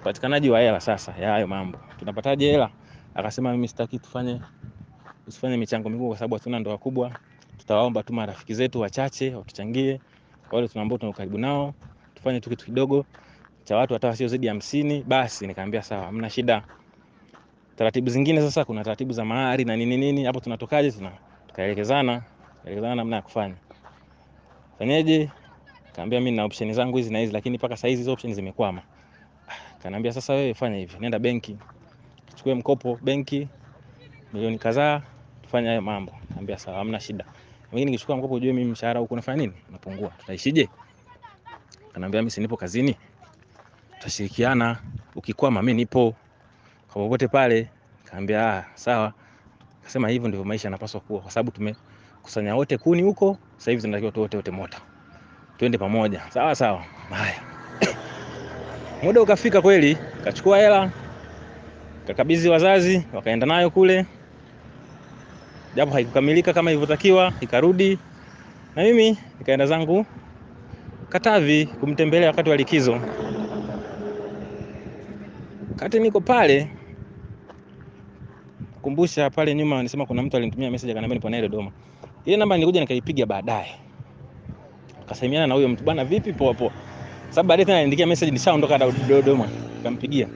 upatikanaji wa hela sasa ya hayo mambo tunapataje hela akasema mimi sitaki tufanye usifanye michango mikubwa kwa sababu hatuna ndoa kubwa tutawaomba tu marafiki zetu wachache watuchangie wale tunaambao tuna karibu nao tufanye tu kitu kidogo cha watu hata sio zaidi ya hamsini basi nikamwambia sawa hamna shida taratibu zingine sasa kuna taratibu za mahari na nini nini hapo tunatokaje tuna tukaelekezana elekezana namna ya kufanya fanyeje kaambia mimi na option zangu hizi na hizi lakini mpaka saizi hizo option zimekwama Kaniambia sasa, wewe fanya hivi, nenda benki chukue mkopo benki milioni kadhaa, tufanye hayo mambo. anambia sawa, hamna shida. Mimi nikichukua mkopo, ujue mimi mshahara huko nafanya nini, napungua, tutaishije? Kaniambia mimi sinipo kazini, tutashirikiana, ukikwama mimi nipo kwa popote pale. Kaambia ah, sawa. Kasema hivyo ndivyo maisha yanapaswa kuwa, kwa sababu tumekusanya wote kuni huko, sasa hivi tunatakiwa wote wote mota, twende pamoja. Sawa sawa, haya Muda ukafika kweli, kachukua hela kakabidhi wazazi, wakaenda nayo kule, japo haikukamilika kama ilivyotakiwa, ikarudi na mimi nikaenda zangu Katavi kumtembelea wakati wa likizo. Kati niko pale kumbusha pale nyuma nisema kuna mtu alinitumia message akaniambia nipo naye Dodoma. Ile namba nilikuja nikaipiga baadaye. Kasaimiana na huyo mtu bwana vipi poa poa sababu baadaye tena niandikia message nishaondoka Dodoma, nikampigia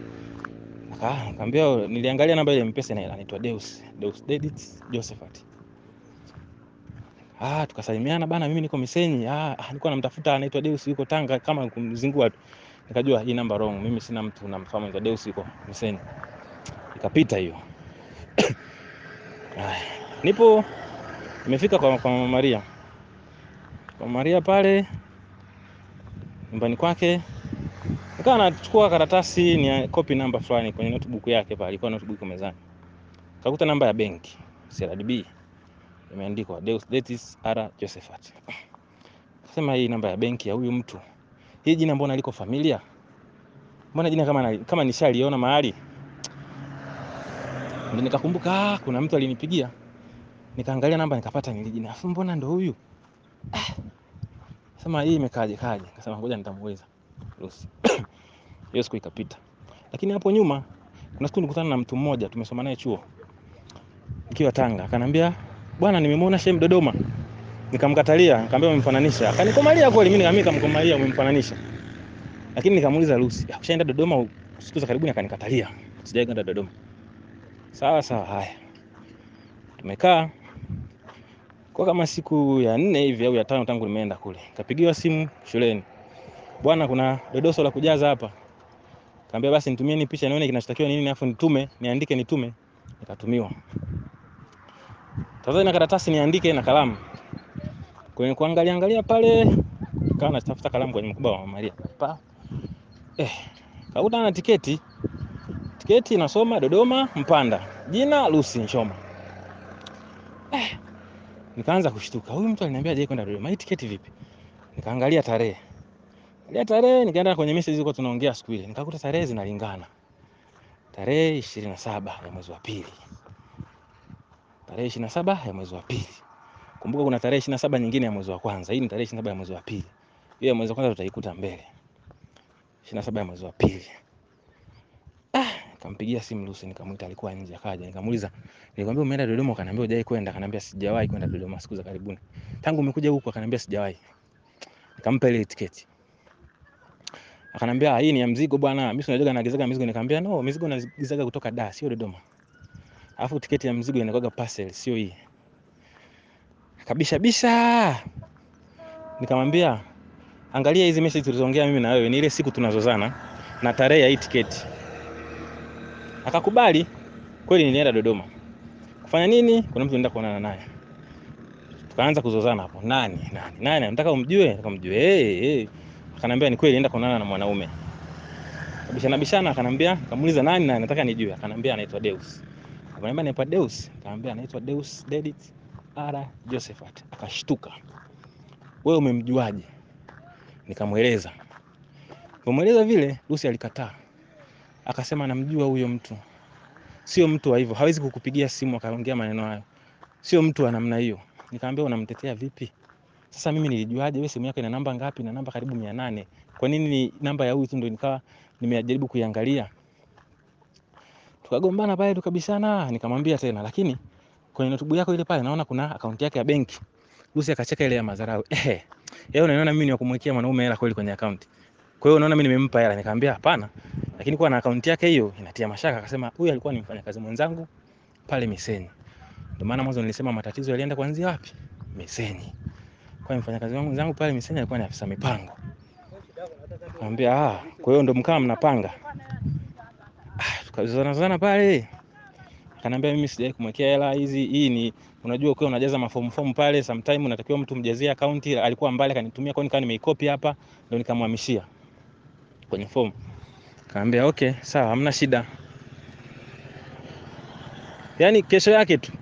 Ah, kaambia niliangalia namba ile Mpesa na anaitwa Deus, Deus Dedit Josephat. Ah, tukasalimiana bana, mimi niko Misenyi. Ah, ah, nilikuwa namtafuta anaitwa Deus yuko Tanga kama kumzingua tu. Nikajua hii namba wrong. Mimi sina mtu namfahamu anaitwa Deus yuko Misenyi. Ikapita hiyo. Ah, nipo nimefika kwa, kwa Maria. Kwa Maria pale nyumbani kwake, akawa anachukua karatasi ni copy number fulani kwenye notebook yake pale, ilikuwa notebook mezani, akakuta namba ya benki CRDB imeandikwa Deus Datis R Josephat. akasema hii namba ya benki ya huyu mtu, hii jina mbona liko familia, mbona jina kama, kama nishaliona mahali. Ndio nikakumbuka ah, kuna mtu alinipigia, nikaangalia namba nikapata ni jina, afu mbona ndo huyu ah. Sema hii imekaje kaje? Akasema ngoja nitamuuliza Lucy. Hiyo siku ikapita. Lakini hapo nyuma kuna siku nilikutana na mtu mmoja tumesoma naye chuo. Nikiwa Tanga, akanambia bwana, nimemwona Shem Dodoma. Nikamkatalia, nikamwambia umemfananisha. Akanikomalia kweli, mimi nikamwambia kumkomalia umemfananisha. Lakini nikamuuliza Lucy, ushaenda ah, Dodoma siku za karibuni? Akanikatalia, sijaenda Dodoma. Sawa sawa, haya. Tumekaa kwa kama siku ya nne hivi au ya tano tangu nimeenda kule, kapigiwa simu shuleni, bwana, kuna dodoso la kujaza hapa. Kaambia basi nitumieni picha nione kinachotakiwa nini, afu nitume niandike, nitume. Nikatumiwa tazama na karatasi niandike na kalamu. Kwenye kuangalia angalia pale, nikawa natafuta kalamu kwenye mkoba wa Maria pa eh, kakuta na tiketi. Tiketi nasoma Dodoma Mpanda, jina Lucy Nchoma. Nikaanza kushtuka, huyu mtu aliniambia je, kwenda Dodoma, hii tiketi vipi? Nikaangalia tarehe, ya tarehe, nikaenda kwenye message zilikuwa tunaongea siku ile, nikakuta tarehe zinalingana, tarehe 27 ya mwezi wa pili, tarehe 27 ya mwezi wa pili. Kumbuka kuna tarehe 27 nyingine ya mwezi wa kwanza, hii ni tarehe 27 ya mwezi wa pili. Hiyo ya mwezi wa kwanza tutaikuta mbele, 27 ya mwezi wa pili nikampigia simu Lucy, nikamwita, alikuwa nje, akaja. Nikamuuliza, nikamwambia umeenda Dodoma? Akaniambia hujai kwenda. Akaniambia sijawahi kwenda Dodoma siku za karibuni, tangu umekuja huku. Akaniambia sijawahi. Nikampa ile tiketi, akaniambia hii ni ya mzigo bwana, mimi sinajaga naagizaga mizigo. Nikamwambia no, mizigo naagizaga kutoka Dar, sio Dodoma, alafu tiketi ya mzigo inakuwaga parcel, sio hii kabisa bisa. Nikamwambia angalia hizi message tulizoongea mimi na wewe, ni ile siku tunazozana na tarehe ya hii tiketi. Akakubali kweli, nilienda Dodoma kufanya nini? Kuna mtu nenda kuonana naye, tukaanza kuzozana hapo. Nani nani nani, nataka umjue, nataka umjue. hey, hey. Akanambia ni kweli nenda kuonana na mwanaume bishana bishana, akanambia akamuuliza nani na nataka nijue, akanambia anaitwa Deus. Akanambia anaitwa Deus, akanambia anaitwa Deus Dedit Ara Josephat. Akashtuka, wewe umemjuaje? Nikamweleza, kumweleza vile Lucy alikataa akasema namjua huyo mtu. Sio mtu wa hivyo, hawezi kukupigia simu akaongea maneno hayo. Sio mtu wa namna hiyo. Nikamwambia unamtetea vipi? Sasa mimi nilijuaje wewe simu yako ina namba ngapi? Na namba karibu 800. Kwa nini namba ya huyu tu ndio nikawa nimejaribu kuiangalia? Tukagombana pale tukabishana, nikamwambia tena lakini kwenye notebook yako ile pale naona kuna akaunti yake ya benki. Lucy akacheka ile ya madharau. ehe Yeye unaona mimi ni wa kumwekea mwanaume hela kweli kwenye account Kwa hiyo unaona mimi nimempa hela, nikamwambia hapana lakini kwa na akaunti yake hiyo inatia mashaka. Akasema huyu alikuwa ni mfanyakazi mwenzangu pale Miseni. Ndio maana mwanzo nilisema matatizo yalienda kuanzia wapi? Miseni. Kwa hiyo mfanyakazi wangu mwenzangu pale Miseni alikuwa ni afisa mipango. Nikamwambia ah, kwa hiyo ndio mkaa mnapanga? Ah, tukazozana zana pale. Akaniambia mimi sijai kumwekea hela hizi, hii ni unajua, ukiwa unajaza mafomu fomu pale sometime unatakiwa mtu mjazie akaunti. Alikuwa mbali, akanitumia kwa nikawa nimeikopi hapa, ndio nikamhamishia kwenye fomu. Kaambia okay, sawa, hamna shida. Yaani kesho yake tu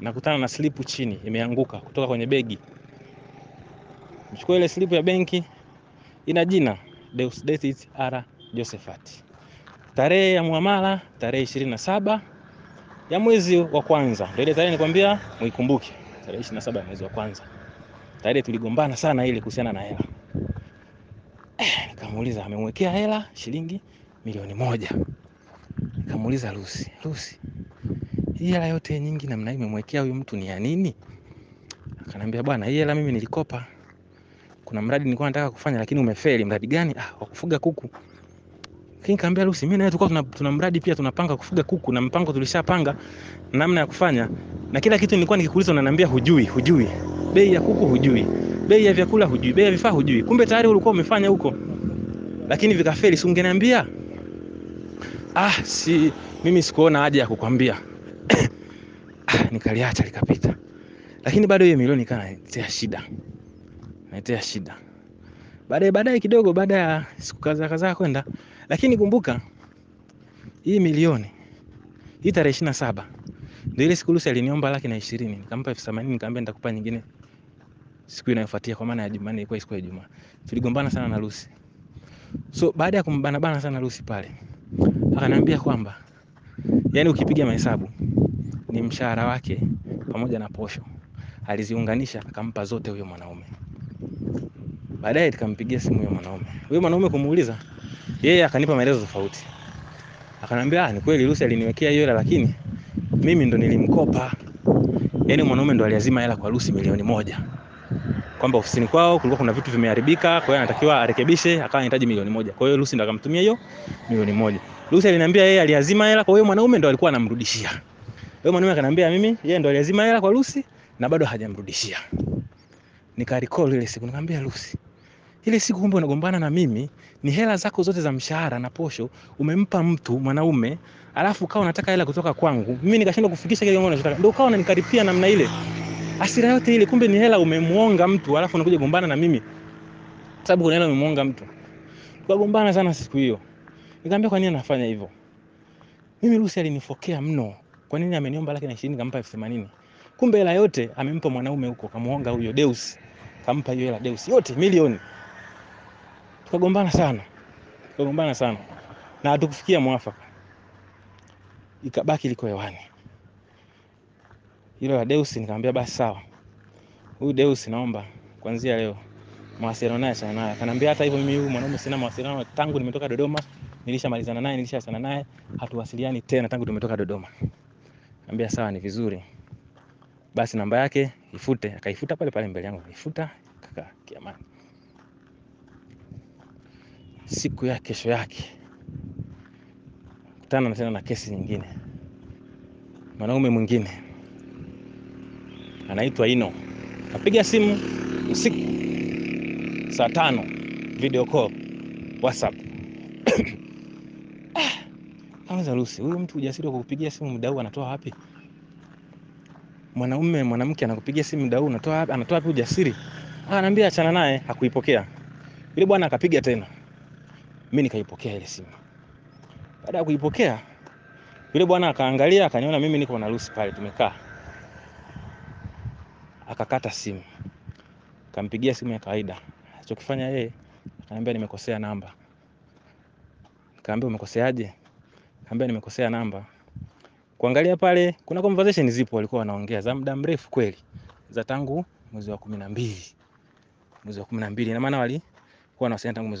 nakutana na slipu chini imeanguka kutoka kwenye begi. Mchukua ile slipu ya benki, ina jina Deusdedith R Josephat, tarehe ya muamala tarehe ishirini na saba ya mwezi wa kwanza. Ndio ile tarehe nikwambia muikumbuke, tarehe ishirini na saba ya mwezi wa kwanza. Tarehe tuligombana sana ile kuhusiana na hela nikamuuliza amemwekea hela shilingi milioni moja. Nikamuuliza rusi rusi hii hela yote nyingi namna hii imemwekea huyu mtu ni ya nini? Akanambia bwana, hii hela mimi nilikopa. Kuna mradi nilikuwa nataka kufanya lakini umefeli. Mradi gani? Ah, wa kufuga kuku. Lakini kaambia Lucy, mimi na wewe tulikuwa tuna, tuna mradi pia tunapanga kufuga kuku na mpango tulishapanga namna ya kufanya. Na kila kitu nilikuwa nikikuuliza unaniambia hujui, hujui. Bei ya kuku hujui. Bei ya vyakula hujui, bei ya vifaa hujui. Kumbe tayari ulikuwa umefanya huko lakini vikafeli, si ungeniambia? Ah, si mimi sikuona haja ya kukwambia. Ah, nikaliacha likapita, lakini bado hiyo milioni ikawa naletea shida, naletea shida baadaye baadaye kidogo, baada ya siku kadhaa kadhaa kwenda, lakini kumbuka hii milioni hii tarehe ishirini na saba ndio ile siku Lucy aliniomba laki na ishirini nikampa elfu themanini nikamwambia nitakupa nyingine siku inayofuatia, kwa maana ya Jumanne, ilikuwa siku ya Ijumaa. Tuligombana sana na Lucy. So baada ya kumbanabana sana Lucy pale, akaniambia kwamba yani, ukipiga mahesabu ni mshahara wake pamoja na posho aliziunganisha, akampa zote huyo mwanaume. Baadaye nikampigia simu huyo mwanaume, huyo mwanaume kumuuliza yeye, akanipa maelezo tofauti. Akanambia ah, ni kweli Lucy aliniwekea hiyo hela, lakini mimi ndo nilimkopa. Yani mwanaume ndo aliazima hela kwa Lucy milioni moja kwamba ofisini kwao kulikuwa kuna vitu vimeharibika, kwa hiyo anatakiwa arekebishe, akawa anahitaji milioni moja. Kwa hiyo Lucy ndo akamtumia hiyo milioni moja. Lucy aliniambia yeye aliazima hela, kwa hiyo mwanaume ndo alikuwa anamrudishia. Kwa hiyo mwanaume akaniambia mimi yeye ndo aliazima hela kwa Lucy na bado hajamrudishia. Nika recall ile siku nikamwambia Lucy, ile siku kumbe unagombana na mimi, ni hela zako zote za mshahara na posho umempa mtu mwanaume, alafu ukawa unataka hela kutoka kwangu. Mimi nikashindwa kufikisha kile ambacho nataka. Ndio ukawa unanikaripia namna ile. Hasira yote ile, kumbe ni hela umemuonga mtu, alafu unakuja gombana na mimi sababu kuna hela umemuonga mtu. Tukagombana sana siku hiyo, nikamwambia kwa nini anafanya hivyo. Mimi Lucy alinifokea mno, kwa nini ameniomba laki na ishirini kampa elfu themanini kumbe hela yote amempa mwanaume huko, kamuonga huyo Deus, kampa hiyo hela Deus yote milioni. Tukagombana sana, tukagombana sana na hatukufikia mwafaka, ikabaki liko hewani hilo la Deus, nikamwambia basi sawa, huyu Deus naomba kuanzia leo mawasiliano naye sana naye. Akanambia hata hivyo, mimi huyu mwanaume sina mawasiliano tangu nimetoka Dodoma, nilishamalizana naye, nilishasana naye, hatuwasiliani tena tangu tumetoka Dodoma. Nikamwambia sawa, ni vizuri basi, namba yake ifute. Akaifuta pale pale mbele yangu, ifuta kaka kiamani. Siku ya kesho yake kutana tena na kesi nyingine, mwanaume mwingine anaitwa Ino, napiga simu usiku saa tano, video call WhatsApp. Kwanza ah, Lucy, huyu mtu ujasiri wa kukupigia simu muda huu anatoa wapi? Mwanaume mwanamke anakupigia simu muda huu anatoa wapi? Anatoa wapi ujasiri? Ah, Anaambia achana naye, hakuipokea. Yule bwana akapiga tena, mimi nikaipokea ile simu. Baada ya kuipokea, yule bwana akaangalia, akaniona mimi niko na Lucy pale tumekaa akakata simu, kampigia simu ya kawaida. Alichokifanya yeye akaniambia nimekosea namba. Kaambia umekoseaje? Kaambia nimekosea namba. Kuangalia pale kuna conversation zipo, walikuwa wanaongea za muda mrefu kweli, za tangu mwezi wa kumi na mbili mwezi wa kumi na mbili ina walikuwa wanawasiliana tangu mwezi wa